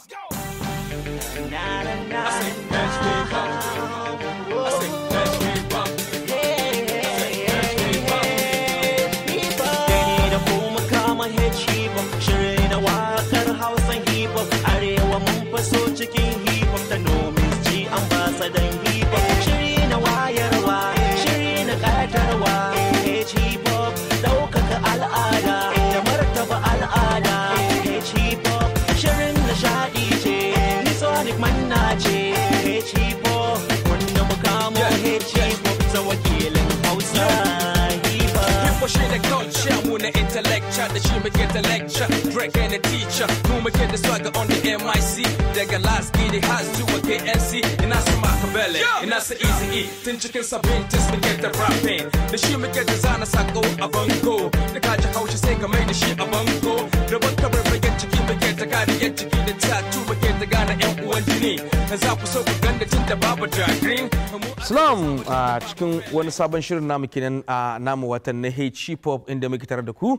Let's go. Na, na, na, get ta lecture Drake and a teacher get da swagger on the MIC got last has KNC my cabelle, and that's the Easy E cikin sabin tis muke ta rapping da shi get the zana sako a bango da sai ka mai da a get da banka barbagen tattoo e. so babu green. Salam a uh, cikin wani sabon shirin namu kenan a uh, namu watan na H-Hip Hop inda muke tare da ku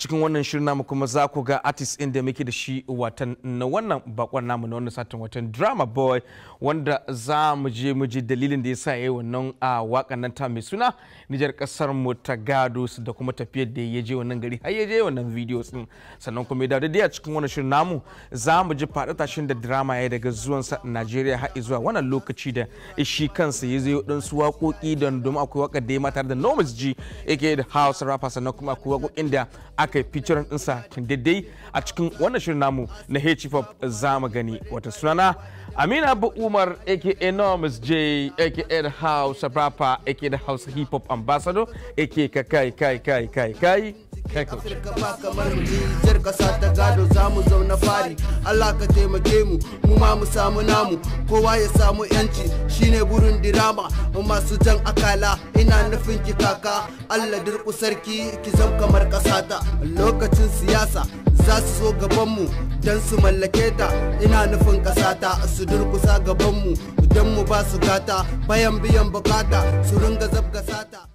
cikin wannan shirin namu kuma za ku ga artist in da muke da shi watan na wannan bakon namu na wannan satin watan drama boy wanda za mu je mu ji dalilin da ya sa yayi wannan a wakan nan ta mai suna Nijar kasar mu ta gado da kuma tafiyar da ya je wannan gari har ya je wannan video din sannan kuma da dai a cikin wannan shirin namu za mu ji fada tashin da drama ya daga zuwan sa Najeriya har zuwa wannan lokaci da shi kansa ya zo dan su waƙoƙi don domin akwai waƙar da ya matar da Nomis G aka da House rapper sannan kuma akwai waƙoƙin da aka yi featuring ɗinsa tun daidai a cikin wannan shirin namu na hip hop za mu gani wata sunana amina abu umar aka enormous j aka the house rapper aka the house hip hop ambassador aka kai kai kai kai kai Afirka ba kamar mu jijiyar kasa ta gado za mu zauna fari Allah ka taimake mu mu ma mu samu namu kowa ya samu yanci shine burin dirama masu jan akala ina nufin ki kaka Allah dirku sarki ki zam kamar kasata lokacin siyasa za su so gabanmu don su mallake ta ina nufin ƙasata su durkusa gabanmu don mu ba su gata bayan biyan bukata su ringa zabga sata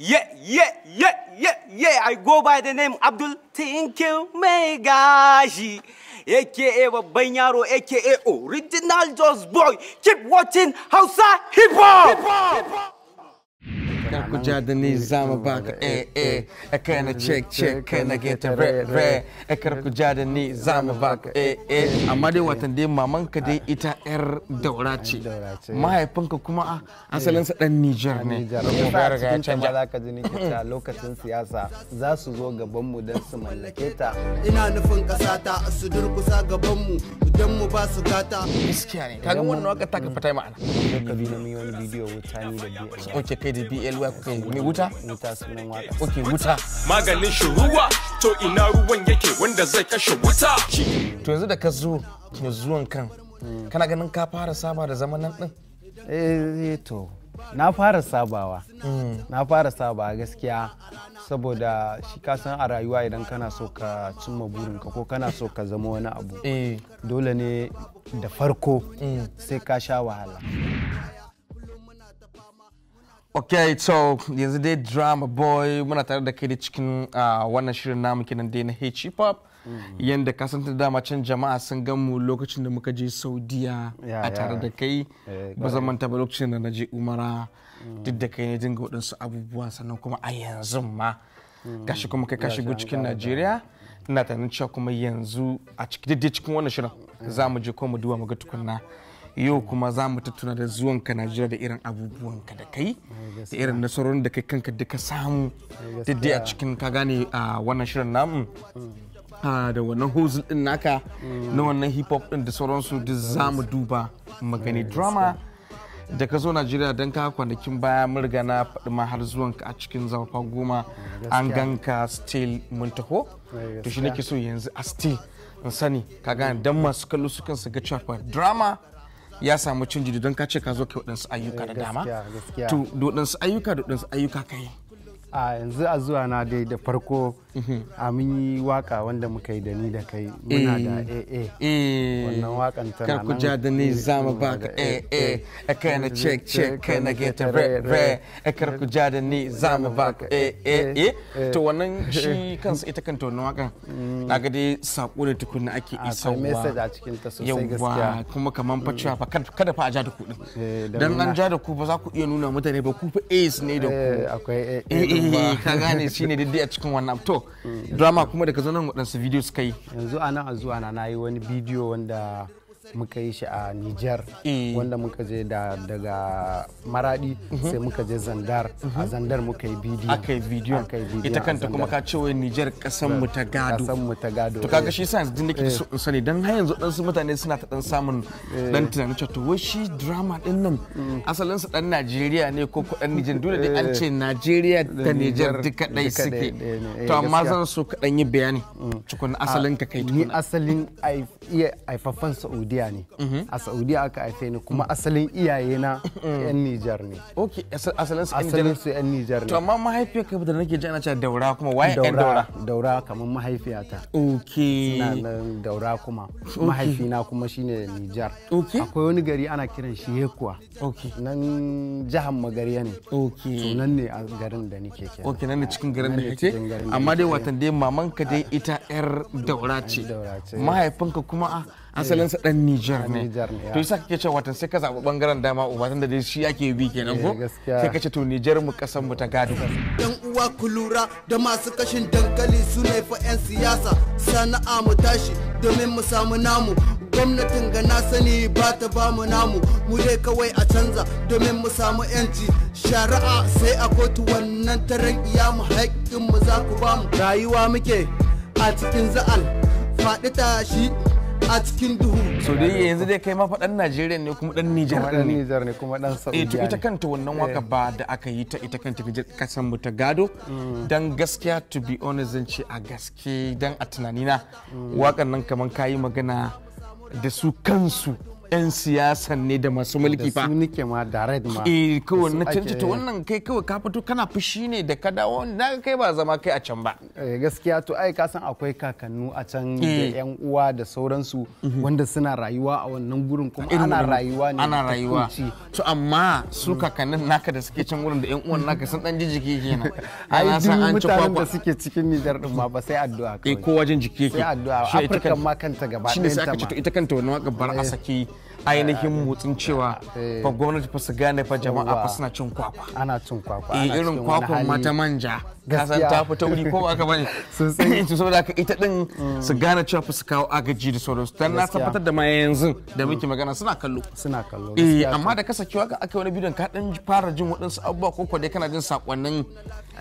Ye ye ye ye ye, i go by the name abdul tinkin mai gashi aka babban yaro aka original just boy keep watching hausa hip Hip -hop. Kako ni zama baka, eh, eh, eh, e, e, e, kaj na check, check, kaj na re, re, e, kako ni zama baka, e, e. Amma dai watan dai mamanka dai ita yar daura ce. Mahaifinka kuma a asalinsa dan Nijar ne. Nijar ne. Cikin ta za ji nake lokacin siyasa za su zo gabanmu don su mallake ta. Ina nufin ƙasa ta su durkusa gabanmu idan mu ba su gata. Gaskiya ne. Kaga wannan waka ta ka fita ma'ana. Yau ka bi na mi bidiyo wuta ni da BL. Ok kai da BL ruwa kuka yi mai wuta wuta sunan waka okay wuta maganin shi ruwa to ina ruwan yake wanda zai kashe wuta to yanzu da ka zo zuwan kan hmm. kana ganin ka fara saba da zaman nan din eh to na fara sabawa hmm. na fara saba gaskiya saboda shi ka san a rayuwa idan kana so ka cimma burinka ko kana so ka zama wani abu eh. dole ne da farko hmm. sai ka sha wahala ok so yanzu dai drama boy muna tare da kai da cikin ah, wannan shirin namu kenan dai na hip hop mm. yadda ka san dama can jama'a sun gan mu lokacin da muka je saudiya a tare da kai eh, ba zan manta ba lokacin da na je umara mm. duk da kai ne dinga waɗansu abubuwa sannan kuma a yanzu ma mm. gashi kuma kai ka shigo cikin najeriya ina tunanin cewa kuma yanzu a cikin cikin wannan shirin za mu je ko mu duba mu ga tukunna yau kuma za mu tattuna da zuwanka Najeriya da irin abubuwanka da kai eh, da irin nasarorin da kai kanka duka samu eh, dai a cikin ka gane a wannan shirin namu hmm. da wannan hozul din naka hmm. na wannan hip hop din da sauransu duk za mu duba magani eh, drama da ka zo Najeriya don ka kwanakin baya mun riga na faɗi ma har zuwan a cikin zafafa goma an ganka still mun taho to shi nake so yanzu a still in sani ka gane dan masu kallo su kansu ga cewa drama ya samu cin jiri don kace ka zo kai waɗansu ayyuka da eh, dama to waɗansu ayyuka da waɗansu ayyuka kai a yanzu a zuwa na dai da farko a mun yi waka wanda muka yi da ni da kai muna da AA eh. eh. wannan wakan tana nan kuja da ni eh, zama ka AA a kana check check kana get a re re a kar kuja da ni zama baka AA to wannan shi kansa ita kanta wannan wakan mm. ga dai sako da tukunna ake isarwa message a cikin ta sosai gaskiya kuma kaman fa cewa fa kada fa a ja da ku din dan an ja da ku ba za ku iya nuna mutane ba ku fa ace ne da ku akwai AA ka gane shine diddi a cikin wannan to drama kuma da ka waɗansu video suka yi yanzu a nan a zuwa na yi wani video wanda muka yi shi a Nijar eh. wanda muka je daga Maradi mhm. sai muka je Zandar a mhm. Zandar muka yi bidiyo aka yi bidiyo ita kanta kuma ka ce wai Nijar kasan mu ta gado kasan mu ta gado to kaga eh. shi sa yanzu nake eh. so in sani dan har yanzu dan su mutane suna ta dan samun dan tunanin cewa to wai shi drama din nan mm. asalin su dan Najeriya ne ko ko dan Nijar dole dai an ce Najeriya da Nijar duka dai suke to amma zan so ka dan yi bayani cikin mm. asalin ka kai ni asalin iya aifaffan Saudi Saudiya ne. A Saudiya aka haife ni kuma asalin iyaye na 'yan Nijar ne. Ok, asalin su 'yan Nijar. Asalin su 'yan Nijar ne. To amma mahaifiyar ka da nake ji ana cewa daura kuma waye daura? Daura kamar mahaifiyata. Ok. Suna nan daura kuma. na kuma shine Nijar. Ok. Akwai wani gari ana kiran shi Yekuwa. Ok. Nan jihar Magariya ne. Ok. To nan ne a garin da nake ke Ok, nan ne cikin garin da kake. Amma dai watan dai mamanka dai ita 'yar daura ce. Mahaifinka kuma a ah, asalin sa eh, dan Niger ne to yasa kake cewa watan sai ka zabi bangaren dama uba tunda dai shi ake bi kenan eh, ko sai ka to Niger mu kasan mu ta gado dan uwa kulura da masu kashin dankali su ne fa yan siyasa sana'a mu tashi domin mu samu namu gwamnatin ga na sani ba ta ba mu namu mu dai kawai a canza domin mu samu yanci shari'a sai a kotu wannan taron iya mu haƙƙin mu za ku ba mu rayuwa muke a cikin za'al faɗi tashi a cikin duhu so dai yanzu dai kai ma fa dan Najeriya ne kuma dan Niger ne dan Niger ne kuma dan Saudi eh ita kanta wannan waka ba da aka yi ta ita kanta kasan mu ta gado dan gaskiya to be honest zan ce a gaske dan a tunanina wakan nan kaman kayi magana da su kansu 'yan siyasan ne da masu mulki fa. Da su nike ma direct ma. Eh kawai na canci to wannan kai kawai ka fito kana fushi ne da ka dawo na kai ba zama kai a can ba. Eh, gaskiya to ai ka san akwai kakannu a can da 'yan eh. uwa da sauransu mhm. wanda suna rayuwa a wannan gurin kuma ana rayuwa ne. Ana rayuwa. To amma su kakannin naka da suke can gurin da 'yan uwan naka sun dan ji jiki kenan. Ai duk mutanen da suke cikin Nijar din ma ba sai addu'a eh, kawai. Eh ko wajen jiki yake. Sai addu'a. Afirka ma kanta gaba ɗayan ta ma. Shi ne sai aka ce to ita kanta wannan waƙar bar a saki ainihin eh, motsin cewa fa eh, gwamnati fa su gane fa jama'a fa suna cin kwakwa ana cin kwakwa eh irin kwakwan mata manja kasan ta fi wuri ko aka bane sosai to saboda ka ita din su gane cewa fa su kawo agaji da sauransu dan na tabbatar da ma yanzu da muke magana suna kallo suna kallo eh amma da kasa cewa ka aka wani bidiyon ka dan fara jin waɗansu abubuwa ko kwade dai kana jin sakonnin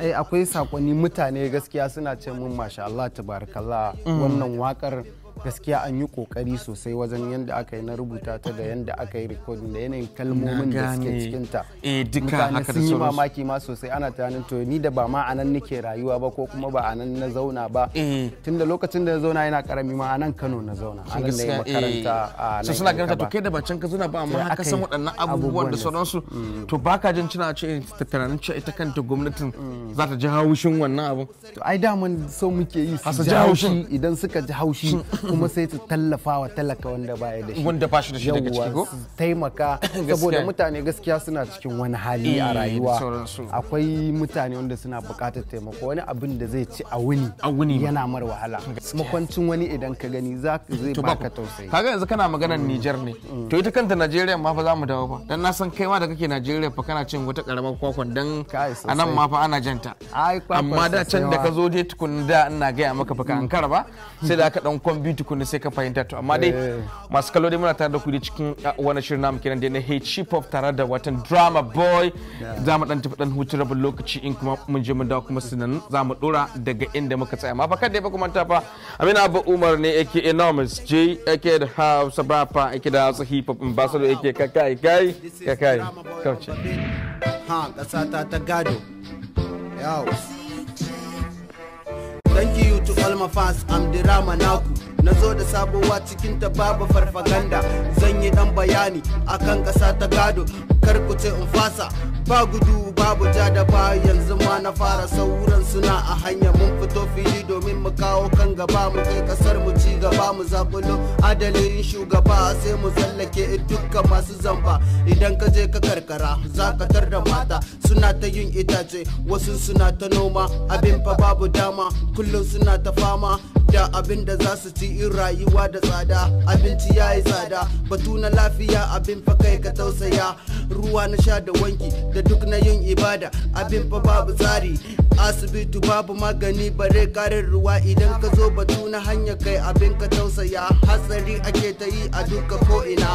eh, akwai sakonni mutane gaskiya suna ce mun masha Allah tabarakallah mm. wannan wakar gaskiya an yi kokari sosai wajen yadda aka yi na rubuta ta da yadda aka yi recording da yanayin kalmomin da suke cikinta eh duka haka da yi mamaki ma sosai ana tunanin to ni da ba ma anan nake rayuwa ba ko kuma ba anan na zauna ba eh. Tun da lokacin da na zauna yana karami ma anan Kano na zauna anan ya makaranta a nan eh. suna ganin to kai da ba can ka zauna ba amma haka san waɗannan abubuwan da sauransu mm. to baka jin cina ce eh, tunanin ce ita kanta gwamnatin mm. za ta ji haushin wannan abu to ai da mun so muke yi su ji haushi idan suka ji haushi kuma sai su tallafa wa talaka wanda ba ya da shi wanda ba shi da shi daga ciki ko taimaka saboda mutane gaskiya suna cikin wani hali a eh, rayuwa akwai mutane wanda suna buƙatar taimako wani abin da zai ci a wuni yana mar wahala makwancin wani idan ka gani za zai baka tausayi kaga yanzu kana maganar mm. Niger ne mm. to ita kanta Najeriya ma fa za mu dawo ba dan na san kai ma da kake Najeriya fa kana cin wata karamar kwakwan dan anan ma fa ana janta amma da can da ka zo je tukun da ina gaya maka fa ka ankara ba sai da aka dan kwambi tukunna sai ka fahimta to amma dai eh. masu kallo dai muna tare da ku da cikin ah, wani shirin namu kenan da na hip of tare da watan drama boy za mu dan tafi dan hutu rabin lokaci in kuma mun je mun dawo kuma sinan za mu dora daga inda muka tsaya amma fa dai ba kuma ta fa Amina Abba Umar ne yake enormous J yake da Hausa Bapa yake da Hausa hip hop ambassador yake kakai kai kakai kauce ha kasata ta ta gado yawo thank you to all my fans i'm rama naku na zo da sabuwa cikin ta babu farfaganda zan yi dan bayani akan kasa ta gado kar ku ce in fasa ba gudu babu ja da ba yanzu ma na fara sauran suna a hanya mun fito fili domin mu kawo kan gaba mu kai kasar mu shugaba mu zakulo adalin shugaba sai mu tsallake dukkan masu zamba idan ka je ka karkara za zakatar da mata suna ta yin itace wasu suna ta noma abin fa babu dama kullum suna ta fama da abin da za su ci in rayuwa da tsada abinci ya yi tsada batu na lafiya abin fa kai ka tausaya ruwa na sha da wanki da duk na yin ibada abin fa babu tsari asibiti babu magani bare karin ruwa idan ka zo batu na hanya kai abin ka tausaya hatsari ake ta yi a duka ko ina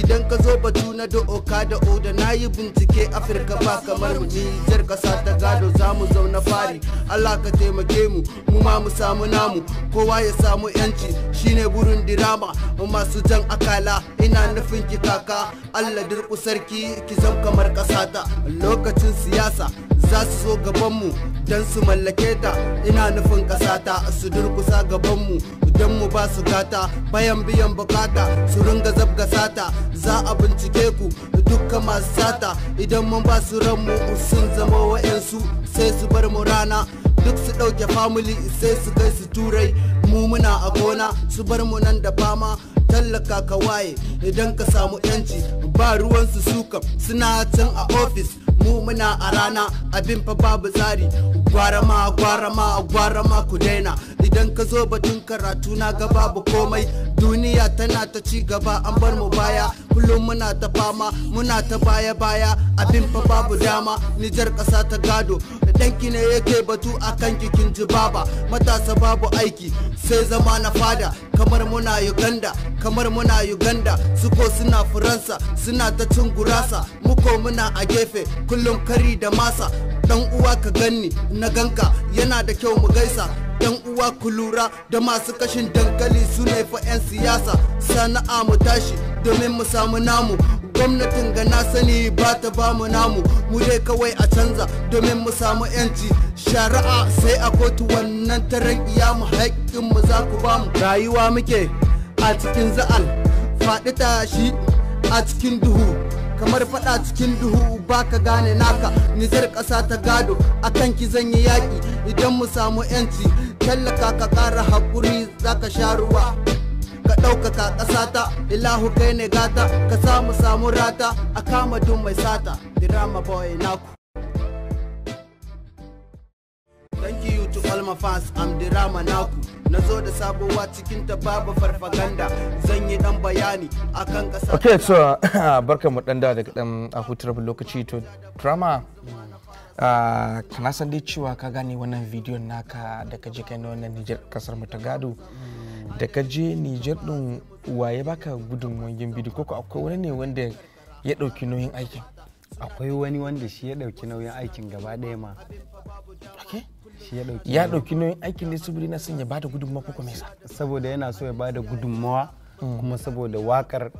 idan ka zo batu na da oka da oda na yi bincike afirka ba kamar mu nijar kasa ta gado za mu zauna fari allah ka taimake mu mu ma mu samu namu kowa ya samu yanci shine burin dirama masu jan akala ina nufin ki kaka allah dirku sarki ki zam kamar kasata lokacin siyasa za su so gabanmu don su mallake ta ina nufin kasata su durkusa gabanmu don mu ba su gata bayan biyan bukata su ringa zabga sata za a bincike ku dukkan masu sata idan mun ba su ranmu sun zama wa'yansu sai su bar mu rana duk su ɗauke family sai su kai su turai mu muna a gona su bar mu nan da fama tallaka ka waye idan ka samu yanci ba ruwan su suka suna can a ofis mu muna a rana abin fa babu tsari gwarama gwarama gwarama ku daina idan ka zo batun karatu na ga babu komai duniya tana ta ci gaba an bar mu baya kullum muna ta fama muna ta baya baya abin fa babu dama nijar ƙasa ta gado danki ne yake batu a kan kikin jibaba matasa babu aiki sai zama na fada kamar muna uganda kamar muna uganda ko suna faransa suna ta cin gurasa muko muna a gefe kullum kari da masa dan uwa ka ganni na ganka yana da kyau mu gaisa yan uwa ku lura da masu kashin dankali su ne fa 'yan siyasa sana'a mu tashi domin mu samu namu gwamnatin ga na sani ba ta ba mu namu mu dai kawai a canza domin mu samu yanci shari'a sai a kotu wannan taron mu haƙƙin mu za ku ba mu rayuwa muke a cikin za'al faɗi tashi a cikin duhu kamar fada cikin duhu baka gane naka nijar kasa ta gado akan ki zan yi yaki idan mu samu yanci tallaka ka kara hakuri zaka sha ruwa ka ɗaukaka ƙasata ilahu kai ne gata ka samu samu rata a kama mai sata dirama boy naku Thank you to all my fans, I'm drama Naku. na zo da sabuwa cikin ta babu farfaganda zan yi dan bayani akan kasa okay so barka mu dan da daga dan a hutar lokaci to drama kana ah, san dai cewa ka gane wannan video naka da ka je kai na wannan Niger kasar mu ta gado da ka je Niger din waye baka gudun wangin bidiyo ko akwai wani ne wanda ya dauki nauyin aikin akwai wani wanda shi ya dauki nauyin aikin gaba daya ma okay ya dauki nauyin aikin da subiri na sun ya bada gudunmawa ko kuma saboda yana so ya bada gudunmawa mm. kuma saboda wakar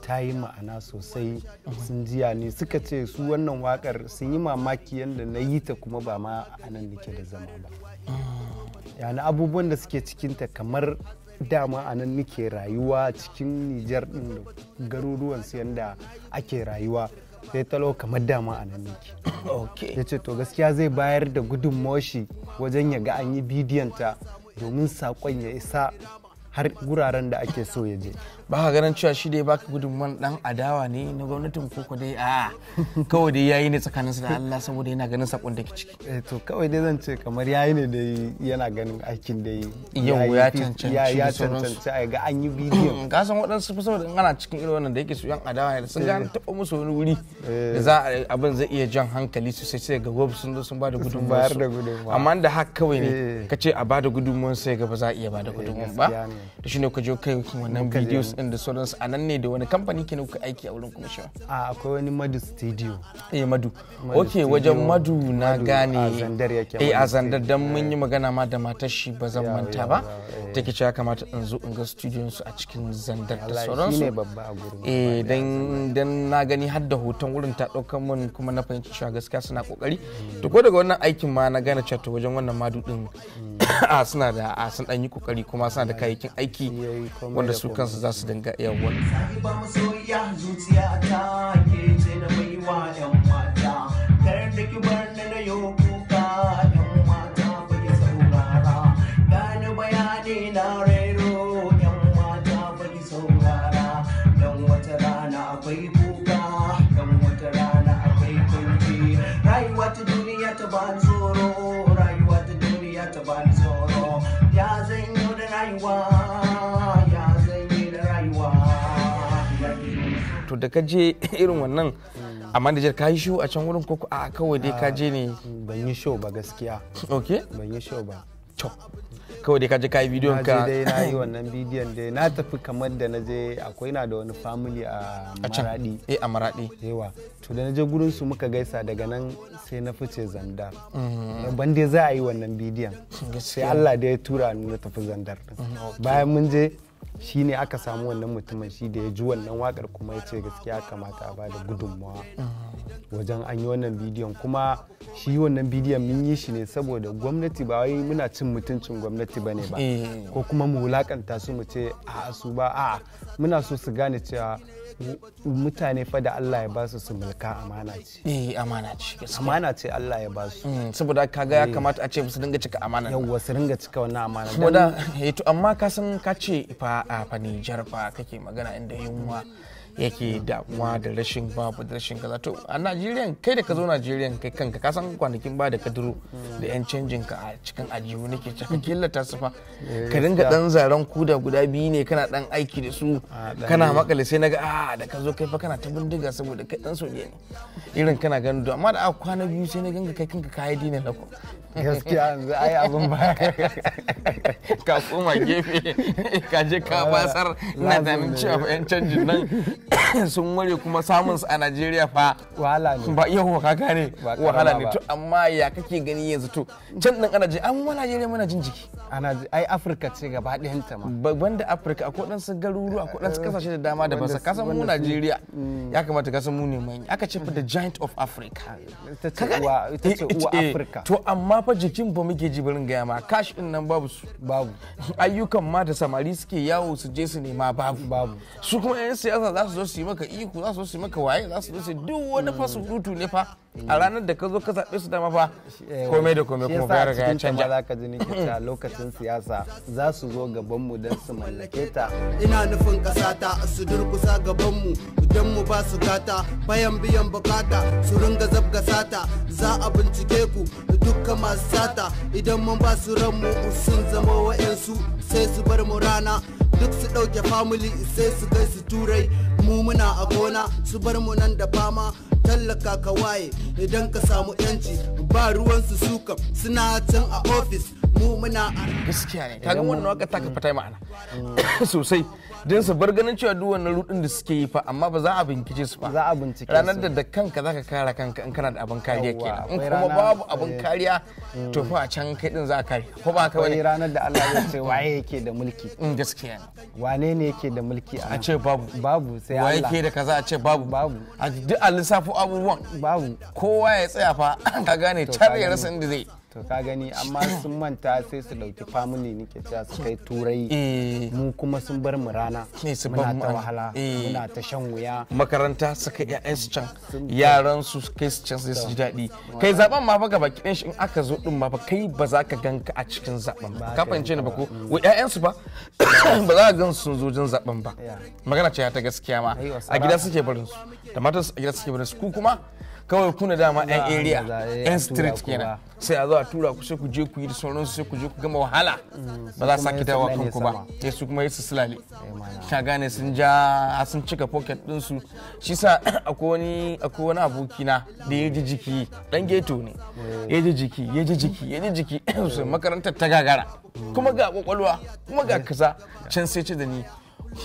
ta yi ma'ana sosai mm-hmm. sun jiya ne suka ce su wannan wakar sun yi mamaki yadda na yi ta kuma ba ma a nan nake da zama ba mm. yana abubuwan da suke cikinta kamar dama a nan nake rayuwa cikin nijar din garuruwan su yadda ake rayuwa sai talo kamar dama a nan ya ce to gaskiya zai bayar da gudun moshi wajen ya ga an yi bidiyon ta domin saƙon ya isa har guraren da ake so ya je ba ka ganin cewa shi dai baka gudunman dan adawa ne na gwamnatin koko dai a kawai dai yayi ne tsakaninsa da Allah saboda yana ganin sakon da ke ciki eh to kawai dai zan ce kamar yayi ne dai yana ganin aikin dai yau ya cancanci ya cancanci a ga an yi bidiyo ka san waɗansu fa saboda ana cikin irin wannan da yake su yan adawa ne sun ga eh. taɓa musu wani wuri da eh. za a abin zai iya jan hankali su sai ga gwab sun zo sun ba da gudunmawar amma da haka kawai ne eh. ka ce a ba da sai ga ba za a iya ba da ba da shi ne ka je kai wannan bidiyo in the da sauransu a nan ne da wani kamfani ke kuka aiki a wurin kuma shi a akwai wani madu studio eh madu ok wajen madu na gane eh a zandar dan mun yi eh. magana ma da matar shi ba zan manta ba eh. take cewa kamata in zo in ga studio su a cikin zandar da sauransu eh dan dan na gani har da hoton wurin ta dauka mun kuma na fahimci cewa gaskiya suna kokari to hmm. ko daga wannan aikin ma na gane cewa wajen wannan madu din hmm. a ah, suna da a ah, sun dan yi kokari kuma suna da kayayyakin aiki wanda su kansu za su dinga iya wani zuciya ta ke ce na baiwa yan mata kar da ki bar na yau wato da ka je irin wannan a manajar ka yi show a can wurin koko a kawai dai ka je ne ban yi show ba gaskiya ok ban yi show ba to kawai dai ka je ka yi bidiyon ka Na dai na yi wannan bidiyon dai na tafi kamar da na je akwai na da wani family a maradi eh a maradi yawa to da na je gurin su muka gaisa daga nan sai na fice zandar mm-hmm. ban dai za a yi wannan bidiyon sai Allah dai ya tura ni na tafi zandar mm-hmm, bayan mun je shi ne aka samu wannan mutumin shi da ya ji wannan wakar kuma ya ce gaskiya kamata a bada gudunmawa wajen an yi wannan bidiyon kuma shi wannan bidiyon mun yi shi ne saboda gwamnati ba wai muna cin mutuncin gwamnati ba ne ba eh. ko kuma mu wulakanta su mu ce a su ba a muna so su gane cewa mutane fa da Allah ya basu su mulka amana ce eh amana ce amana ce Allah ya basu mm, saboda kaga ya eh. kamata a ce su dinga cika amana Yawwa su dinga cika wannan amana saboda eh, amma ka san ka ce fa a fa Nijar fa kake magana inda yunwa yake damuwa da rashin babu da rashin kaza to a najeriya kai da ka zo najeriya kai kanka ka san kwanakin ba da kaduro da yan canjin ka a cikin ajiyu nake ka killata su fa eh, ka dinga dan zaren kuda guda biyu ne kana dan aiki da su kana makale sai naga a ah, da ka zo kai fa kana ta bindiga saboda kai dan soje ne irin kana to amma da aka kwana biyu sai na ganga kai kanka kayi dina na ku gaskiya yanzu ai abin ba ka koma gefe ka je ka basar na zanen cewa yan canjin nan sun ware kuma samun su a Najeriya fa wahala ne ba iya kuma kaka ne wahala ne to amma ya kake gani yanzu to can din ana ji an wa Najeriya muna jin jiki ana ai Afirka ce gaba ɗayan ta ma da Afirka akwai dan su garuru akwai dan su kasashe eh, da dama da ba sa kasan mu Najeriya mm. ya kamata kasan mu ne manya aka ce the giant of Africa ah, ita ce uwa ta ce eh, uwa eh, Afirka to amma fa jikin ba muke ji barin gaya ma cash din nan babu su babu ayyukan ma da samari suke yawo su je su nema babu babu su kuma yan siyasa za su su zo su yi maka iku za su zo su yi maka waye za su zo su duk wani fa surutu ne fa a ranar da ka zo ka zaɓe su dama fa eh, komai da komai kuma bayar ya canja za ka ji ni lokacin siyasa za su zo gaban mu don su mallake ta ina nufin kasata su durkusa gaban mu idan mu ba su gata bayan biyan bukata su ringa zabga sata za a bincike ku dukkan masu sata idan mun ba su ranmu sun zama wa'yansu sai su bar mu rana duk su ɗauke family sai su kai su turai mu muna a gona su bar mu nan da fama tallaka ka waye idan ka samu yanci ba ruwan su suka suna can a ofis mu muna a gaskiya ne kaga wannan waka ta ka fata ma'ana mm. sosai don su bar ganin cewa duk wannan rudin da suke yi fa amma ba za a bincike su ba za a bincike ranar da da kanka zaka kare kanka in kana da abin kariya ke in kuma babu abin kariya to fa a can kai din za a kare ko ba ka wani ranar da Allah ya ce waye yake da mulki in mm, gaskiya wane ne yake da mulki a ce babu babu sai Allah waye yake da kaza a ce babu babu a duk a lissafo abubuwan babu kowa ya tsaya fa ka gane tare ya rasa inda zai to ka gani amma sun manta sai su dauki family nake cewa su kai turai eh. mu kuma sun bar mu rana wahala ne su ban ta wahala eh. muna ta shan wuya makaranta suka ƴaƴan su can yaran su kai su can sai su ji daɗi kai zaben ma fa gaba kiɗan shi in aka zo din ma fa kai ba za ka ganka a cikin zaben ba ka fahimce ni ba ko mm. wa ƴaƴan su ba ba za ka gan sun zo jin zaben ba magana ce ta gaskiya ma a gida suke barin su da matan a gida suke barin su ku kuma kawai kuna dama yan area yan street kenan sai a zo a tura ku sai ku je ku yi da sauransu sai ku je ku gama wahala mm, ba za su sake dawa kanku ba sai su kuma yi su eh, ka gane sun ja sun cika pocket ɗinsu shi sa akwai wani na da ya jiki dan geto ne eh. ya jiki ya jiki ya ji jiki makarantar ta gagara mm. kuma ga kwakwalwa kuma ga eh. kaza can sai ce da ni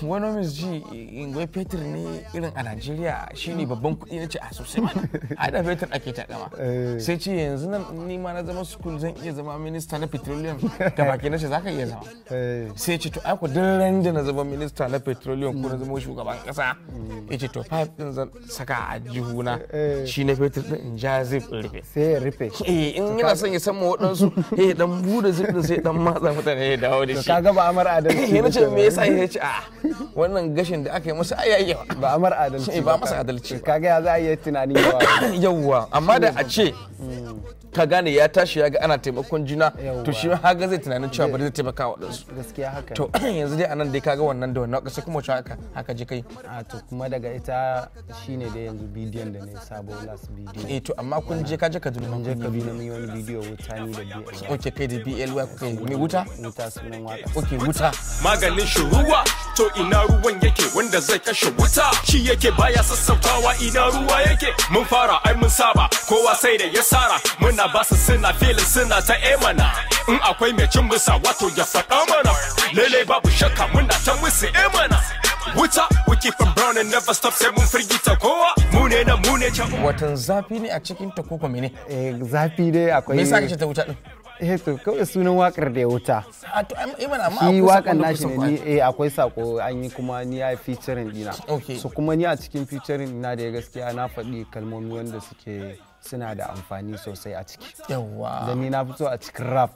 wani miss ji ingwai fetur ne irin a najeriya shine babban kuɗi na ce a sosai mana a da fetur ake takama eh. sai ce yanzu nan ni ma na zama sukul zan iya zama minista na petroleum da baki na ce za ka iya zama eh. sai ce to aiko duk randa na zama minista na petroleum ko na zama shugaban kasa mm. ya ce to pipe din zan saka a jihuna eh. shi na fetur din in ja zip rufe sai ya rufe eh in yana son ya san ma waɗansu eh dan bude zip din sai dan matsa mutane ya dawo da shi kaga ba amara adalci ne ce me yasa ya ce a'a wannan gashin da aka yi musu ayayyawa ba amar adalci ba masa adalci kaga ya za a yi tunani yawa amma da a ce hmm. ka gane ya tashi ya ga ana taimakon juna to shi haka zai tunanin cewa bari zai taimaka wa ɗansu gaskiya haka to yanzu dai anan dai kaga wannan da wannan kasa kuma haka haka ji kai a to kuma daga ita shine dai yanzu bidiyon da ne sabo last bidiyo eh to amma kun je ka je ka dubi je ka bi na mun wani bidiyo wuta ni da bi okay kai da BL wa kai me wuta wuta sunan waka okay wuta maganin shuruwa to ina ruwan yake wanda zai kashe wuta shi yake baya sassautawa ina ruwa yake mun fara ai mun saba kowa sai da ya sara muna ba su suna filin suna ta emana eh in akwai mai cin musa wato ya faɗa mana lele babu shakka muna ta musu emana eh wuta we keep on burning never stop sai mun firgita kowa mu ne na mu ne can watan zafi ne a cikin ta koko mene eh zafi dai akwai me yasa kace ta wuta din eh to kawai sunan wakar da ya wuta a ah, to amma akwai wakan nashi ne ni eh akwai sako an yi kuma ni ya featuring dina so kuma ni a cikin featuring dina da gaskiya na faɗi kalmomi wanda suke suna da amfani sosai a ciki yawa da ni na fito a cikin rap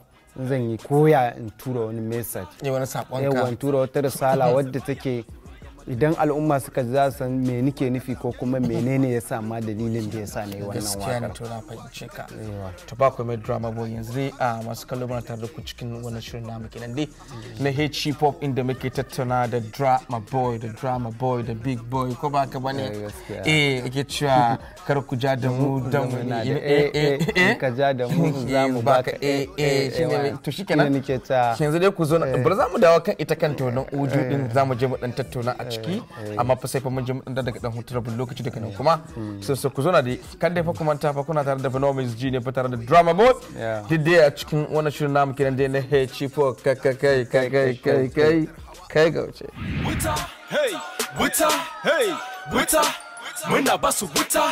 zan yi koya in tura wani message yawa wani ka yawa tura wata risala wadda take idan al'umma suka za su san me nike nufi ko kuma menene ya sa ma dalilin da ya sa ne wannan wakar gaskiya ne to na fahimce ka to ba ku mai drama bo yanzu dai a ah, masu kallo muna tare da ku cikin wannan shirin namu kenan dai na hip hop inda muke tattauna da drama boy da drama boy da big boy ko ba ka bane eh, eh ake cewa kar ku ja da mu da mu eh, eh eh, eh ka ja da mu za mu baka eh eh shine to shikenan yanzu dai ku zo na bar za mu dawo kan ita kanta wannan udu din za mu je mu dan tattauna a ciki amma fa sai fa mun jin da daga dan hutu rabin lokaci daga nan kuma sai so ku na da kan dai fa kuma ta fa kuna tare da Phenomenon G ne fa tare da Drama Mode duk dai a cikin wannan shirin namu kiran dai na H4 kai kai kai kai kai kai kai gauce wuta hey wuta hey wuta muna basu wuta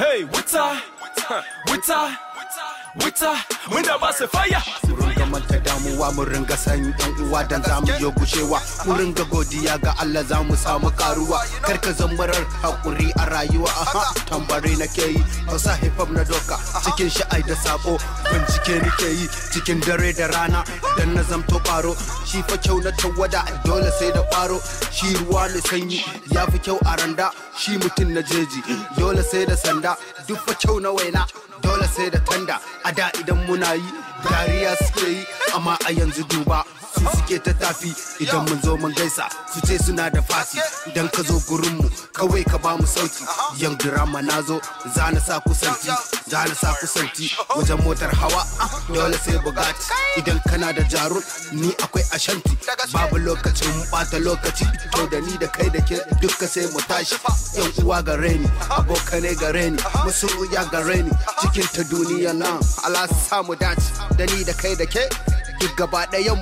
hey wuta wuta wuta muna basu faya manta damuwa mu ringa san yan uwa dan zamu yo gushewa mu ringa godiya ga Allah zamu mu samu karuwa kar ka zambarar hakuri a rayuwa aha tambare nake yi hausa hip hop na doka cikin sha'ai da sako bincike nake yi cikin dare da rana dan na zamto baro shi fa kyau na tawada dole sai da baro shi ruwa ne sanyi ya fi kyau a randa shi mutum na jeji dole sai da sanda duk fa kyau na waina dole sai da wanda a da idan muna yi dariya suke yi amma a yanzu duba su suke ta tafi idan mun zo mun gaisa su ce suna da fasi idan ka zo gurinmu kawai ka ba mu sauki yan drama na zo za na sa kusanti za na sa wajen motar hawa dole sai bugatti idan kana da jarun ni akwai ashanti babu lokacin bata lokaci to da ni da kai da ke duka sai mu tashi yan uwa gare ni abokanai gare ni ya gare ni cikin ta duniya nan ala samu dace da ni da kai da ke duk gaba ɗayan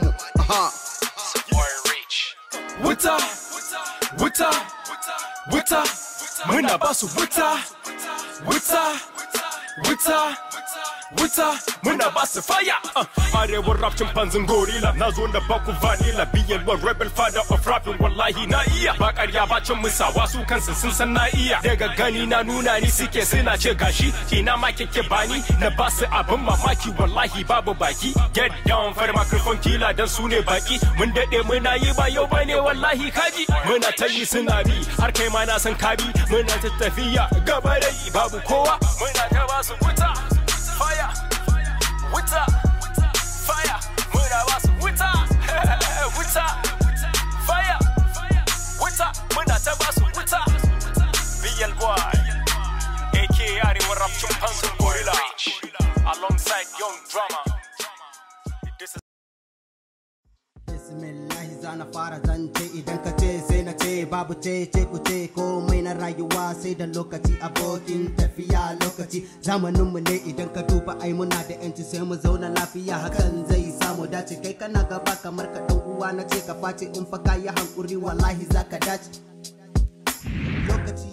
wuta wuta wuta muna basu wuta wuta wuta wuta muna ba su faya arewar rap fanzin gorila na zo na baku vanilla biyan wa rebel father of rapping wallahi na iya ba karya ba cin wasu wasu kansu sun san na iya daga gani na nuna ni suke suna ce gashi ina ma kike bani na ba su abin mamaki wallahi babu baki get down for microphone kila dan su ne baki mun dade muna yi ba yau bane wallahi kaji muna ta suna bi har kai ma na san kabi muna ta tafiya gaba dai babu kowa muna ta ba su wuta Fire. winter. Fire. Murder was Witter. winter. Fire. winter, Murder tabas Winter. BL boy. AKR Warap Chumpanzo Gorilla. Alongside Young Drama. This is. Bismillah, zana fara zance idan ka babu ce ce ku ce komai na rayuwa sai da lokaci abokin tafiya lokaci mu ne idan ka duba ai muna da yanci sai mu zauna lafiya hakan zai samu dace kai kana gaba kamar ka dan uwa na ce ka face in fa kayi hankuri wallahi zaka dace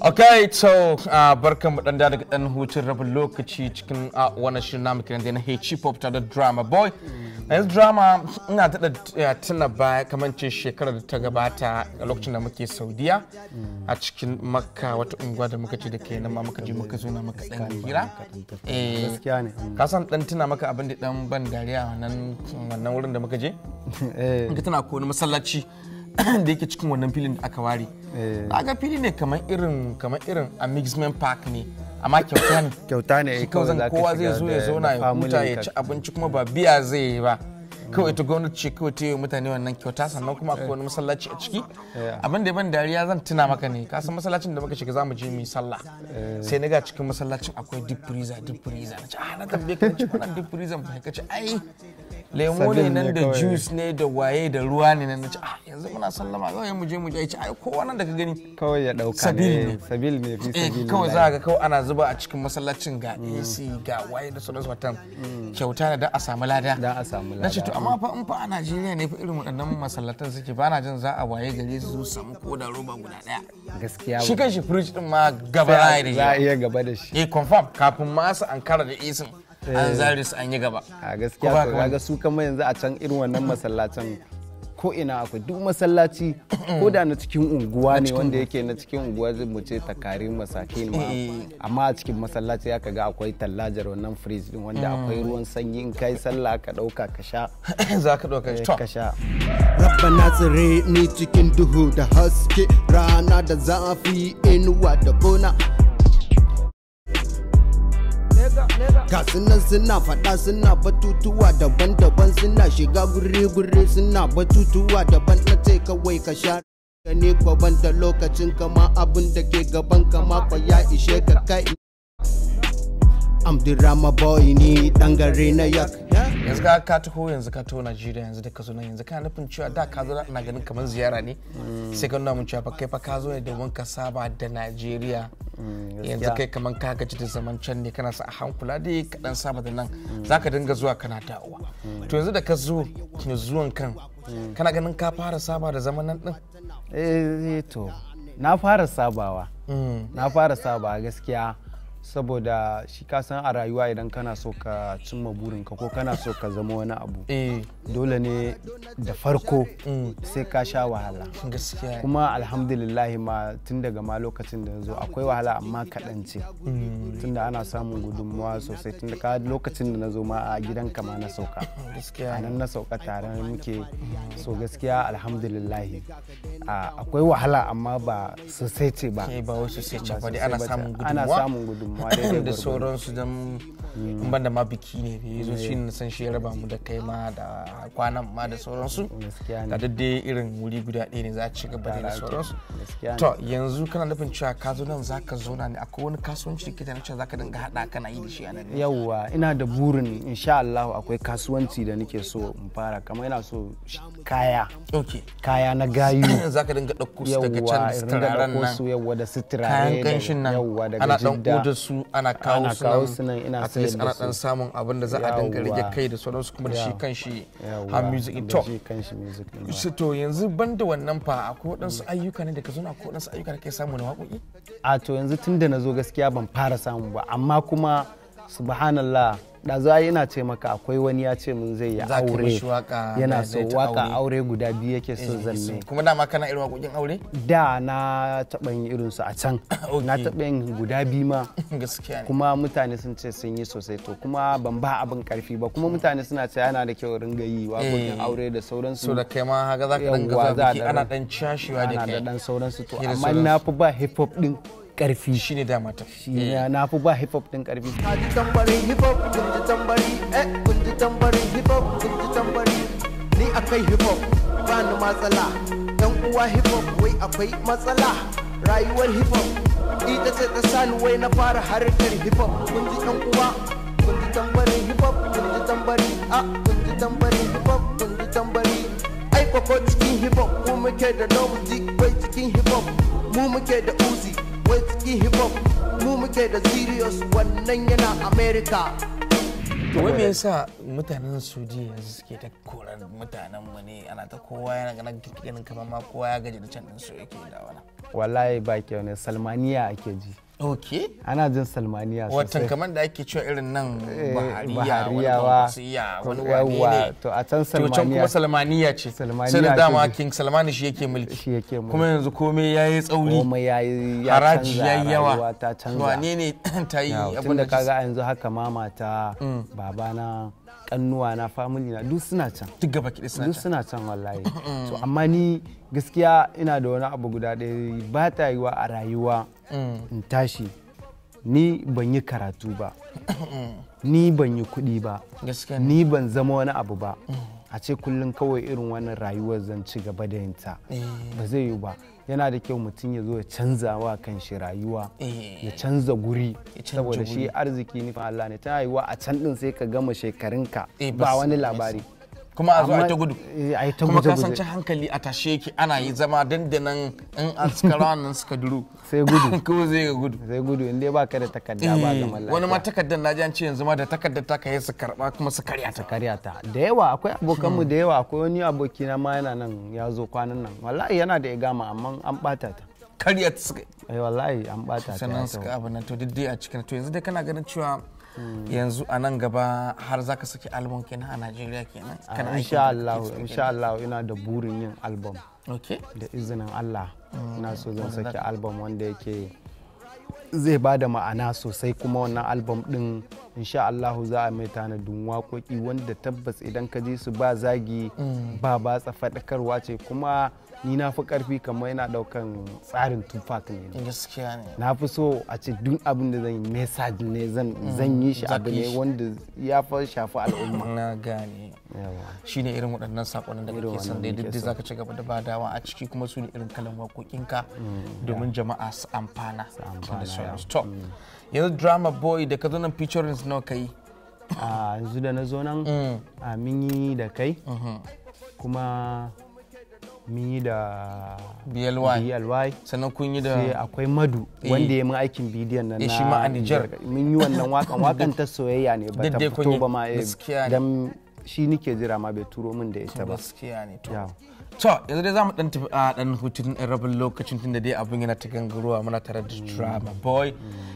Okay, so uh, barkanmu dan da daga dan hutun rabin lokaci cikin uh, wannan shirin namu kiran na hip hop ta da drama boy. Mm. a yanzu drama ina daɗa tuna baya kamar ce shekarar da ta gabata a lokacin da muke saudiya mm. a cikin makka wata unguwa da muka ce da ke nan ma muka je muka zuna muka ɗan hira eh, ka san ɗan tuna maka abin da ɗan ban dariya a wannan wurin da muka je eh. ka tuna ko masallaci da yake cikin wannan filin da aka ware na eh. ga fili ne kamar irin kamar irin amusement park ne amma kyauta ne kyauta ne eh, kawai zan kowa zai zo ya zauna ya huta ya ci abinci kuma ba biya zai yi ba mm. kawai ta gwamnati ce kawai ta yi mutane wannan kyauta sannan kuma akwai eh. wani masallaci a ciki abin da ban dariya zan tuna maka ne ka san masallacin da muka shiga mu je mu yi sallah sai na ga cikin masallacin akwai deep freezer deep freezer na ce ah na tambaye ka ci wannan deep freezer ba ka ce ai lemo ne nan da juice ne da waye da ruwa ne nan nace ah yanzu muna sallama kawai mu je mu je ai kowa nan da ka gani kawai ya dauka sabil ne sabil ne fi eh, sabil kawai za ka kawai ana zuba a cikin masallacin ga mm. AC ga waye da sauransu watan mm. kyauta ne da a samu lada da a samu lada nace to amma fa in fa a Najeriya ne fa irin waɗannan masallatan suke ba na jin za a waye gare su samu ko da roba guda daya gaskiya shi kan shi fridge din ma gaba za a iya gaba da shi eh confirm kafin ma su ankara da isin Eh. an zare su an yi gaba a gaskiya ko kaga su kama yanzu a can irin wannan masallacin ko ina akwai duk masallaci ko da na cikin unguwa ne wanda yake na cikin unguwa zai mu ce takari masakin ma eh. amma a cikin masallaci ya ga akwai tallajar wannan freeze din wanda mm. akwai ruwan sanyi in kai sallah ka dauka ka sha za ka dauka eh, ka sha rabbana tsire ni cikin duhu da haske rana da zafi inuwa da kona ga sunan suna faɗa suna batutuwa daban-daban suna shiga gure-gure suna batutuwa daban na ce kawai ka sha ka ne kwaban da lokacin kama abin da ke gaban kama kwa ya ishe ka kai Amdirama boy ni dan gare na yak yanzu ka ka taho yanzu ka taho Najeriya yanzu duka sunan yanzu kana nufin cewa da ka zo na ganin kamar ziyara ne mm. sai ka nuna mun cewa kai fa ka zo ne domin ka saba da Najeriya Mm, yanzu kai kaman ka gaji da zaman can ne kana sa a hankula dai kaɗan dan saba da nan za ka dinga zuwa kana dawowa mm. to yanzu da ka zo ki zuwan kan mm. kana ganin ka fara saba da zaman nan din eh to na fara sabawa na fara sabawa gaskiya saboda shi ka san a rayuwa idan kana so ka cimma burinka ko kana so ka zama wani abu eh. dole ne da farko mm. sai ka sha wahala kuma alhamdulillah ma tun daga ma lokacin da zo akwai wahala amma kaɗan mm. tun tunda ana samun gudunmawa sosai tunda ka lokacin da na zo ma a gidan kama na sauka a nan na sauka tare muke so gaskiya alhamdulillah akwai wahala amma ba sosai ce ba eh, ana samun gudunmawa gudunmawa da sauransu don ban da ma biki ne bai zo shi na san shi ya raba mu da kai ma da kwanan ma da sauransu da daddai irin wuri guda ɗaya ne za a ci gaba da sauransu to yanzu kana nufin cewa ka zo nan za ka zauna ne akwai wani kasuwanci da ke na cewa za ka dinga haɗa kana yi da shi a nan yawwa ina da burin insha Allah akwai kasuwanci da nake so in fara kamar ina so kaya kaya na gayu za ka dinga ɗauko su daga can da suturaren nan yawwa da suturaren nan yawwa daga jidda su ana kawo su nan at least ana dan samun abin da za a dinga rage kai da sauransu kuma da shi kan shi music in talk shi to yanzu banda wannan fa akwai wadansu ayyuka ne da ka zo na wadansu ayyuka da kai samu na waƙoƙi a to yanzu tun da na zo gaskiya ban fara samu ba amma kuma subhanallah da za yana ce maka akwai wani ya ce mun zai ya aure yana so waka aure guda biyu yake so eh, zanne kuma dama kana irin wakokin aure da na taɓa yin irin su a can na taɓa yin guda biyu ma kuma mutane sun ce sun yi sosai to kuma ban ba abin karfi ba kuma mutane suna ce yana da kyau ringa yi wakokin eh. aure da sauransu so da kai ma haka za ka ringa ana dan cashewa da kai ana da dan sauransu to amma na fi ba hip hop din karfi shi ne dama ta shi eh. na fi ba hip hop din karfi kaji tambarin hip hop kunji tambari eh, kunji tambarin hip hop kunji tambari ni akai hip hop ba ni matsala dan uwa hip hop wai akwai matsala rayuwar hip hop ita ce ta sani wai na fara harkar hip hop kunji dan uwa kunji tambarin hip hop kunji tambari ah kunji tambarin hip hop kunji tambari ai kwakwa cikin hip hop mu muke da nauzi bai cikin hip hop mu muke da uzi wai hip hop mu muke da serious wannan yana america wai me yasa mutanen suji yanzu suke ta korar mutanen mu ne ana ta kowa yana ganin ganin kamar ma kowa ya gaji da can din su yake da wala wallahi ba kyau ne salmaniya ake ji ok ana jin salmaniya sosai watan kamar da ake cewa irin nan eh, bahariya wani wani wani ne to a can salmaniya to can kuma salmaniya ce salmaniya sai da dama king salmani shi yake mulki kuma yanzu komai yayi tsauri komai yayi haraji yayi yawa ta canza wane ne ta yi abin da kaga yanzu haka mama ta mm. babana kannuwa na family na duk suna can duk gaba kiɗi suna can duk suna can wallahi to mm. amma ni gaskiya ina da wani abu guda ɗaya ba ta yiwa a rayuwa mm. in tashi ni ban yi karatu ba ni ban yi kuɗi ba ni ban zama wani abu ba mm. a ce kullum kawai irin wannan rayuwar zan ci gaba da yinta eh. ba zai yi ba yana da kyau mutum ya zo ya canza wa kan shi rayuwa eh. ya canza guri saboda shi arziki nufin Allah ne ta wa a can din sai ka gama shekarunka eh, ba wani labari kuma a zo a ta gudu eh, kuma kasance hankali a tashe ki ana yi zama dandanan in an suka ranar suka duru sai gudu kuma zai ga gudu sai gudu inda ba ka da takarda ba ga eh, mallaka wani ma takardar na ji an ce yanzu ma da takardar ta kai su karba kuma su karya ta karya ta da yawa akwai abokan mu da yawa akwai wani aboki na ma yana nan ya zo kwanan nan wallahi yana da igama amma an bata ta karya ta suka ai eh, wallahi an bata ta sanan suka abin nan to duk dai a cikin to yanzu dai kana ganin cewa Hmm. yanzu a nan gaba har za ka saki album kenan a Najeriya kenan ah, kana insha Allah insha ina da burin yin album okay da izinin Allah ina so zan saki album wanda yake zai ba da ma'ana sosai kuma wannan album din insha Allahu za a mai tanadin waƙoƙi wanda tabbas idan ka ji su ba zagi hmm. ba ba faɗakarwa ce kuma ni na fi karfi kamar yana daukan tsarin tupac ne gaskiya ne na fi so a ce duk abin da zan yi message ne zan mm, yi shi abu ne wanda ya fa shafi al'umma na gane shi ne irin waɗannan saƙonin da kake son dai duk zaka ci gaba da badawa a ciki kuma su ne irin kalan waƙoƙinka mm, domin jama'a su amfana da sauransu mm. yanzu drama boy da ka zo nan featuring nawa ka yi a ah, yanzu da na zo nan a ah, mini da kai mm-hmm. kuma mun yi da bly sannan kun yi da sai akwai madu eh. wanda ya mun aikin bidiyon nan eh, na ma mun yi wannan wakan wakan ta soyayya ne ba ta fito ba ma eh, dan shi nike jira ma bai turo min da ita ba to yanzu dai za mu dan tafi a dan hutun ɗan rabin lokacin tunda dai abin yana ta gangarowa muna tare da drama boy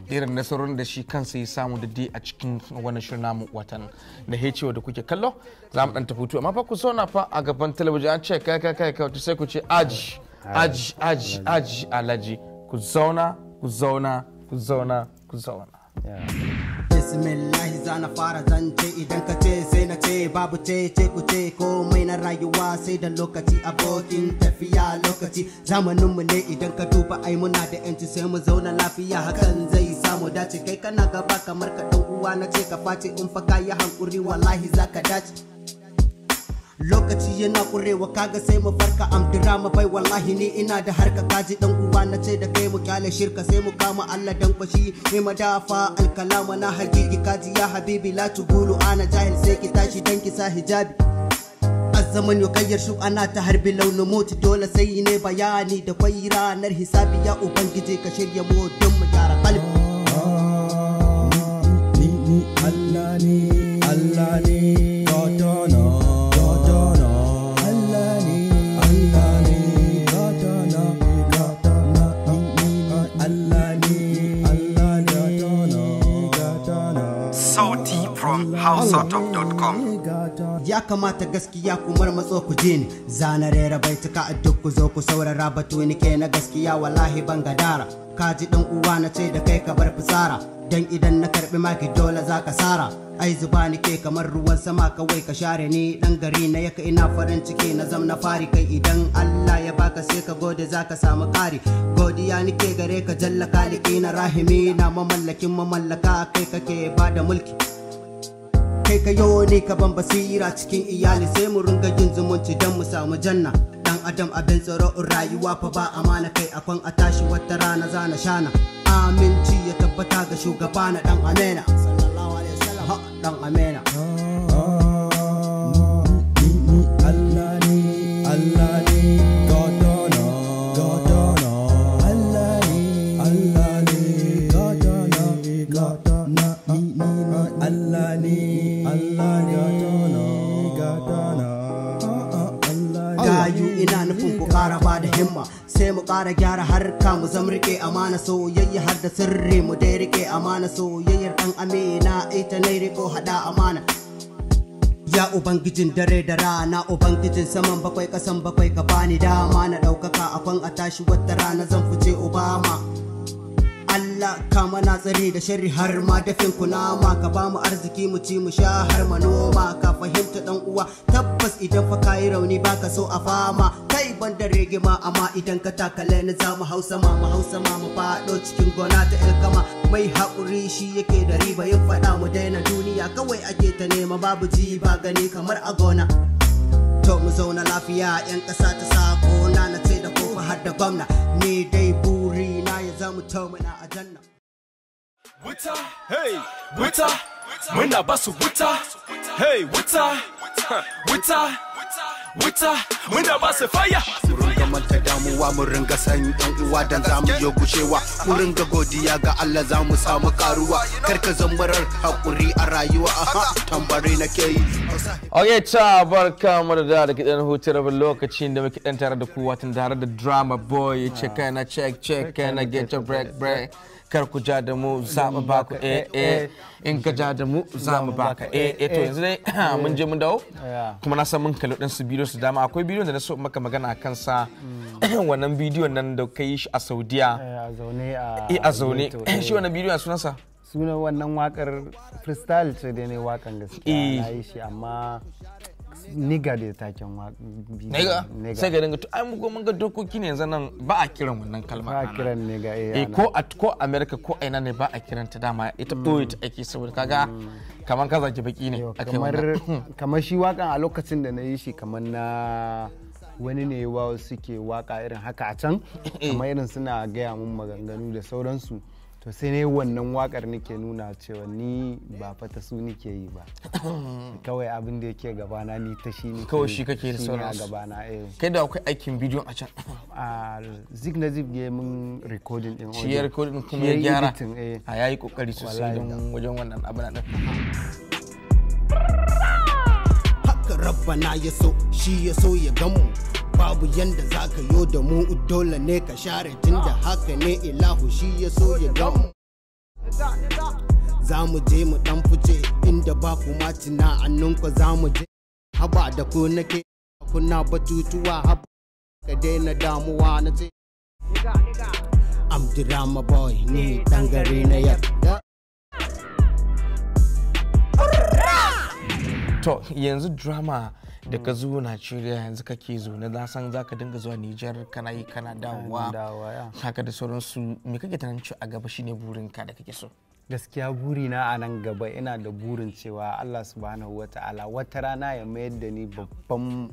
irin nasarorin da shi kansa ya samu da dai a cikin wannan shirin namu watan na hecewa da kuke kallo za mu dan tafi hutu amma fa ku zauna fa a gaban talabijin an ce kai kai kai kai sai ku ce aji aji aji aji alaji ku zauna ku zauna ku zauna ku zauna. bismillah zana fara zance idan ka ce sai na ce babu ce ce ku ce komai na rayuwa sai da lokaci abokin tafiya lokaci zamanin mu ne idan ka duba ai muna da yanci sai mu zauna lafiya hakan zai samu dace kai kana gaba kamar ka uwa na ce ka face in fa ka yi hankuri wallahi zaka dace lokaci yana kurewa kaga sai mu farka am rama bai wallahi ni ina da harka kaji dan uwa na ce da kai mu kyale shirka sai mu kama Allah dan kwashi mai madafa alkalama na hakiki kaji ya habibi la tugulu ana jahil sai ki tashi dan ki sa hijabi zaman yo kayyar shu ana ta harbi launin moti dole sai ne bayani da kwai ranar hisabi ya ubangiji ka shirya mu mu gyara kalbi ah, Allah ne Allah ne hausa.com. Ya kamata gaskiya ku marmatso ku ji ni, zana rera tuka a duk ku zo ku saurara batu ni ke na gaskiya wallahi ban gadara. Kaji dan uwa na ce da kai ka bar fitsara, dan idan na karbi maki dole za ka sara. ai zuba ni ke kamar ruwan sama kawai ka share ni dan gari na yaka ina farin ciki na zam na fari kai idan Allah ya baka sai ka gode za ka samu kari godiya ke gare ka jalla liki na rahimi na mamallakin mamallaka kai kake bada mulki kai ka ne ka ban basira cikin iyali sai mu ringa jin zumunci don mu samu janna dan adam abin tsaro rayuwa fa ba amana kai akwan a tashi wata rana zana shana aminci ya tabbata ga shugaba na dan amena sallallahu alaihi wasallam dan amena fara gyara harka mu zam rike amana soyayya har da sirri mu dai rike amana soyayyar dan amina ita ne riko hada amana Ya Ubangijin dare da rana Ubangijin saman bakwai kasan bakwai ka bani dama na ɗaukaka a kwan a tashi wata rana zan fice Obama. Allah kama mana tsare da shari har ma dafin kunama ka ba mu arziki mu ci mu sha har ma noma ka fahimta dan uwa tabbas idan fa kayi rauni baka so a fama kai ban da ma amma idan ka takale ni za mu hausa ma mu hausa ma mu fado cikin gona ta ilkama mai haƙuri shi yake da riba yin faɗa mu daina duniya kawai ake ta nema babu ji ba gani kamar a gona to mu zauna lafiya 'yan ƙasa ta sako na har da gwamna ni dai buri na ya zama taumuna a janna wuta hey wuta muna basu wuta hey wuta wuta wuta muna basu fire da mu damuwa mu ringa san yan uwa dan zamu yo gucewa mu ringa godiya ga Allah zamu mu samu karuwa kar ka zambarar hakuri a rayuwa aha tambare nake yi okay ta barka mu da da kidan hutar lokacin da muke dan tare da ku watan tare da drama boy check kana check check kana get a break break kar ku ja da mu za mu ba ku eh eh, eh eh in ka ja da mu za mu ba ka eh eh to eh, yanzu dai mun je mun dawo kuma na san mun kalli su bidiyo su dama akwai bidiyo da na so maka magana a kansa wannan bidiyon nan da kai shi a saudiya a zaune shi wannan bidiyo a sunansa sunan wannan wakar freestyle ce dai ne wakan gaskiya na yi shi amma niga da taken niga sai ga dinga ai mu mun ga dokoki ne yanzu nan ba a kiran wannan kalma ba a kiran niga eh, eh ko a ko America ko aina ne ba a kiran ta dama ita to ita ake saboda kaga kamar kaza ki baki ne kamar kamar shi wakan a lokacin da na yi shi kamar na wani ne wa suke waka irin haka a can eh. kamar irin suna gaya mun maganganu da sauransu to sai ne wannan wakar nake nuna cewa ni ba fa su nike yi ba kawai abin da yake gabana ni ta shi ne kawai shi kake da sauran a gabana eh kai da akwai aikin bidiyon a can a zik na zik ya mun recording din shi ya recording kuma ya gyara eh. a yayi kokari sosai don wajen wannan abin da haka rabbana ya so shi ya so ya gamu babu yanda zaka ka yo da mu dole ne ka share tun da haka ne ilahu shi ya so ya mu za mu je mu dan fice inda ba ku ma ku za mu je haba da ku nake kuna batutuwa haba ka daina damuwa na ce I'm drama boy ni dangare na yarda to yanzu drama da ka mm. zo Najeriya yanzu kake zo na na san ka dinga zuwa Nijar kana yi kana dawowa haka da sauransu me kake cewa a gaba shine ka da kake so gaskiya burina a nan gaba ina da burin cewa Allah subhanahu ta'ala wata rana ya mayar da ni babban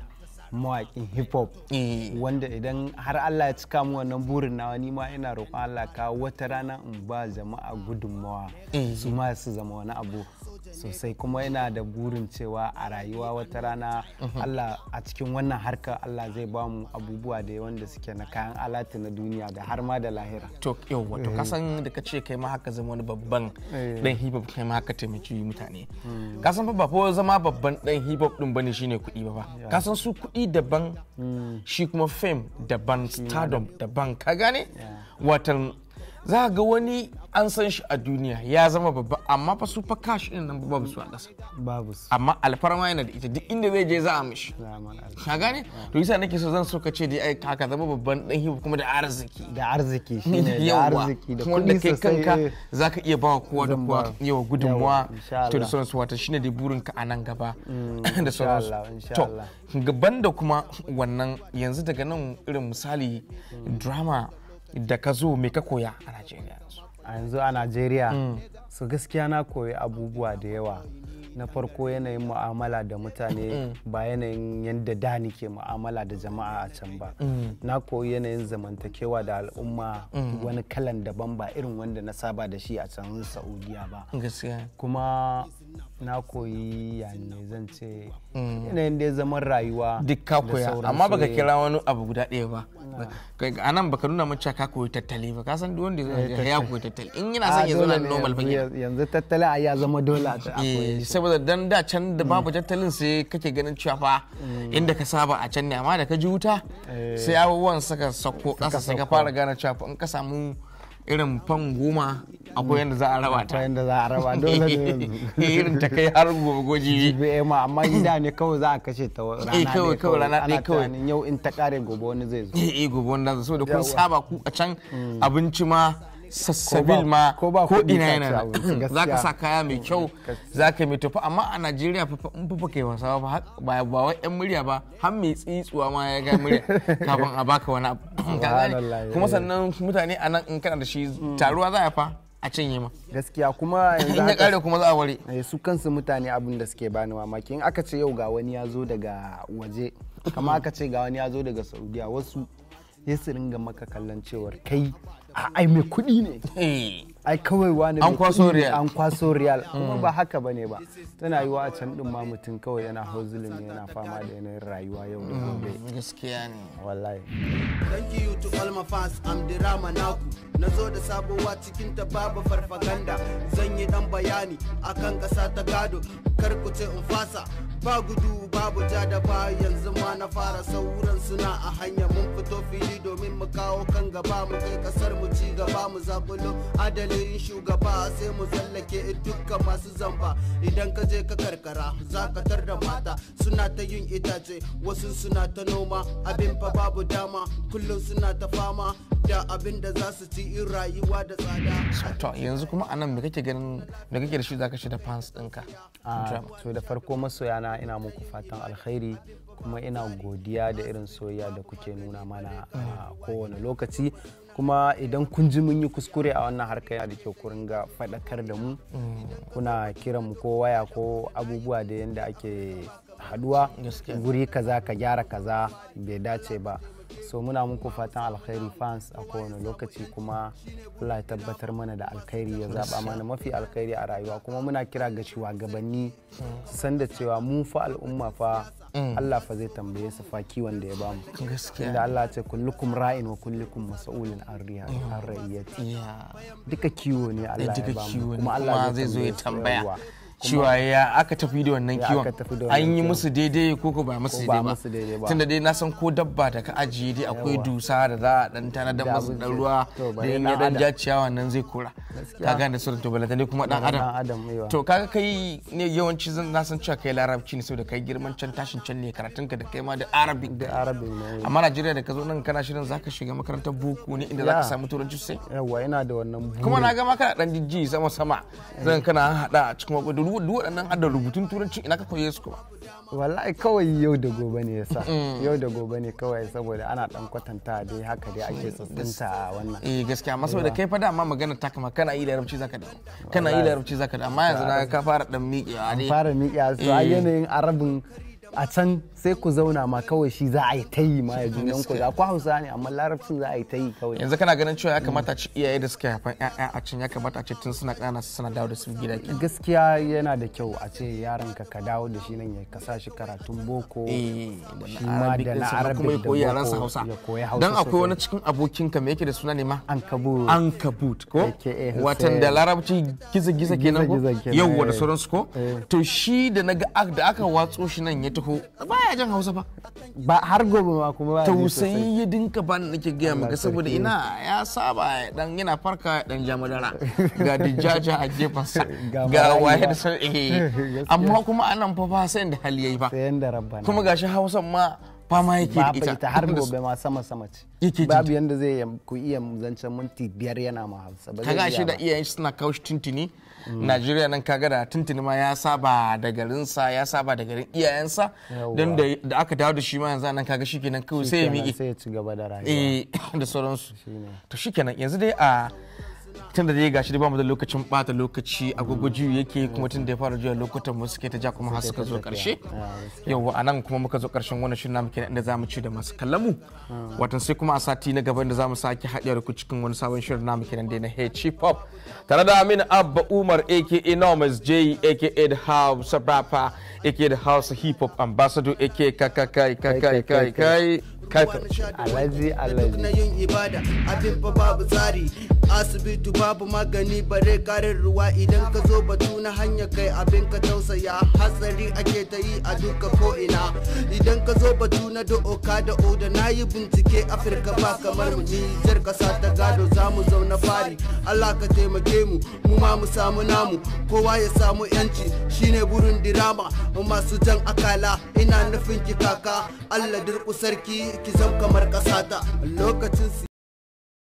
mawaƙin hip hop eh. wanda idan har Allah ya cika mu wannan burin na ni ma ina roƙon Allah ka wata rana in ba jama'a gudunmawa eh. su ma su zama wani abu sosai kuma yana da burin cewa a rayuwa wata rana mhm. Allah a cikin wannan harkar Allah zai ba mu abubuwa da yawan da suke na kayan alati na duniya da har ma da lahira to yawa to kasan da ka ce kai ma haka zama wani babban dan eh. hip hop kai ma haka taimaki mutane hmm. kasan ba fa zama babban dan hip hop din bane shine kuɗi ba ba kasan su kuɗi daban hmm. shi kuma fame daban stardom daban ka gane watan za ga wani an san shi a duniya ya zama babba amma fa su fa cash ɗin nan babu su a ƙasa babu su amma alfarma yana da ita duk inda zai je za a mishi ka gane to yasa nake so zan so ka ce dai ai haka zama babban dan hibu kuma da arziki da arziki shine da arziki da kuɗi sosai kai kanka zaka iya ba kowa da kowa yawa gudunmuwa to da sauransu wata shine dai burin ka a nan gaba mm, da sauransu to gaban da kuma wannan yanzu daga nan irin misali mm. drama da ka zo me ka koya a najeriya a yanzu a najeriya mm. su gaskiya na koyi abubuwa da yawa na farko yanayin mu'amala da mutane mm. ba yanayin yadda da nike mu'amala da jama'a a can ba mm. na koyi yanayin zamantakewa da al'umma wani kalan daban ba irin wanda na saba da shi a can saudiya ba kuma na koyi yani zan ce mm. yanayin da ya zama rayuwa duk ka koya amma baka kira wani abu guda ɗaya ba a nan baka nuna mace ka koyi tattali ba ka san duwanda wanda ya eh, koyi tattali in yana ah, son ya zuna normal ba yanzu tattali a ya zama dole a koyi eh, saboda dan da can da babu mm. tattalin sai kake ganin cewa fa mm. inda ka saba a can ne amma da ka ji wuta eh. sai abubuwan suka sako kasa sai ka fara gane cewa in ka samu irin fan goma akwai yadda za a raba ta yadda za a raba dole ne irin ta kai har gobe goji bi eh ma amma gida ne kawai za a kashe ta rana ne eh, kawai kawai rana ne kawai yau in ta kare gobe wani zai zo eh, eh gobe wani zai zo da kun saba ku a can mm. abinci ma sassabil ma ko ina yana za ka sa kaya mai kyau za ka mai tafi amma a najeriya fa in fa kai wasa ba ba wai yan murya ba har mai tsitsuwa ma ya ga murya kafin a baka wani abu kuma sannan mutane a nan in kana da shi taruwa za a fa a cinye ma gaskiya kuma yanzu ya kare kuma za a ware eh, su kansu mutane abin da suke bani ma in aka ce yau ga wani ya zo daga waje kama aka ce ga wani ya zo daga saudiya wasu ya su ringa maka kallon cewar kai ai mai kuɗi ne ai kawai wani an kwaso real an kwaso real kuma hmm. ba haka bane ba tana yiwa a can din ma mutum kawai yana hauzulin ne yana fama da yanayin rayuwa yau da hmm. gobe gaskiya ne wallahi thank you to all my fans i'm dirama naku na zo da sabuwa cikin ta babu farfaganda zan yi dan bayani akan kasa ta gado kar ku ce in fasa ba gudu babu ja da ba yanzu ma na fara sauran suna a hanya mun fito fili domin mu kawo kan gaba mu kai kasar mu ci gaba mu zakulo adalin shugaba sai mu tsallake dukkan masu zamba idan ka je ka karkara za tar da mata suna ta yin itace wasu suna ta noma abin fa babu dama kullum suna ta fama da abin ci in rayuwa da yanzu kuma anan me kake ganin da kake da shi zaka shi da fans ɗinka ah, to da farko masoya na ina muku fatan alkhairi kuma ina godiya da irin soyayya da kuke nuna mana a kowane lokaci kuma idan kun ji mun yi kuskure a wannan harkar yana da ke ku ringa faɗakar da mu mm. kuna kiran mu ko waya ko abubuwa da yadda ake haduwa guri kaza ka gyara kaza bai dace ba so muna muku fatan alkhairi fans a kowane lokaci kuma Allah ya tabbatar mana da alkhairi ya zaba mana mafi alkhairi a rayuwa kuma muna kira ga shi sanda san cewa mu fa al'umma fa mm. Allah fa zai tambaye su fa kiwon da ya bamu inda Allah ce kullukum ra'in wa kullukum mas'ulun an mm. ra'iyati duka kiwo ne Allah ya bamu kuma Allah zai zo ya tambaya cewa ya aka tafi da wannan kiwon an yi musu daidai ko ba musu daidai ba tunda dai na san ko dabba da ka ajiye dai akwai dusa da za a dan tanadar masu dan ruwa da in ya dan jaciya wannan nan zai kora ka gane surin to balanta ne kuma dan adam to kaga kai ne yawanci zan na san cewa kai larabci ne saboda kai girman can tashin can ne karatun ka da kai ma da arabic da arabic ne amma Najeriya da ka zo nan kana shirin zaka shiga makarantar boko ne inda zaka samu turanci sai yawa ina da wannan kuma na ga ma kana dan jijji sama sama zan eh. kana hada a cikin wakodu duk waɗannan adda rubutun turanci ina ka koye su kuma wallahi kawai yau da gobe ne yasa mm. yau da gobe ne kawai saboda ana dan kwatanta dai haka dai ake sassanta a wannan eh gaskiya amma saboda kai fa da amma magana ta kama kana yi larabci zaka da kana yi larabci zaka da amma yanzu na ka fara dan miƙewa ne fara miƙewa so a eh. yanayin arabin a can sai ku zauna ma kawai shi za a yi ta yi ma ya junan ku za ku hausa ne amma larabcin za a yi ta yi kawai yanzu kana ganin cewa ya kamata ci iyaye da suke haifan ƴaƴa a cin ya kamata a ce tun suna ƙana su suna dawo da su gida gaskiya yana da kyau a ce yaron ka ka dawo da shi nan ya ka sa shi karatun boko eh, shi ma da na arabic da boko ya koyi hausa dan akwai wani cikin abokin ka me yake da suna ne ma ankabut ankabut ko watan da larabci giza giza kenan ko yawwa da eh. sauransu ko eh. to shi da naga da aka watso shi nan ya taho baya baya jan hausa ba ba har gobe ma kuma ba tausayi ya dinka ban nake gaya maka saboda ina ya saba dan yana farka dan ja madara ga dijaja a gefansa ga waye da sai eh. amma kuma anan fa ba sai da hali yayi ba sai da rabbana kuma gashi hausan ma fama yake ba ita ta har gobe ma sama sama ce babu yanda zai ku iya zancen minti biyar yana ma hausa ba kaga shi da iyayen shi suna kaushi tintini mm. Najeriya nan kaga da tintini ma ya saba da garin sa ya saba da garin iyayensa dan da aka dawo da shi ma yanzu nan kaga shikenan kawai sai ya miƙe sai ya ci gaba da rayuwa eh da sauransu to shikenan yanzu dai a ah, tun da dai gashi ba mu da lokacin bata lokaci agogo juyu yake kuma tun da ya fara juya lokutan mu suke ta ja kuma har suka zo karshe yau a nan kuma muka zo karshen wannan shirin namu kenan inda zamu ci da masu kallon watan sai kuma a sati na gaba inda zamu sake haɗiya da ku cikin wani sabon shirin namu kenan da na hip hop tare da Aminu Abba Umar aka Enormous J aka ed House Rapper aka The House Hip Hop Ambassador aka kaka kai Kai Kai Kai kai Alhaji Alhaji kai kai ibada abin kai tsari asibiti babu magani bare karin ruwa idan ka zo batu na hanya kai abin ka tausaya hatsari ake ta yi a duka ko ina idan ka zo batu na do'oka da oda na yi bincike afirka ba kamar mu ni zar kasa ta gado za mu zauna fari allah ka taimake mu mu ma mu samu namu kowa ya samu yanci shine burin dirama masu jan akala ina nufin ki kaka allah durku ki zam kamar kasata lokacin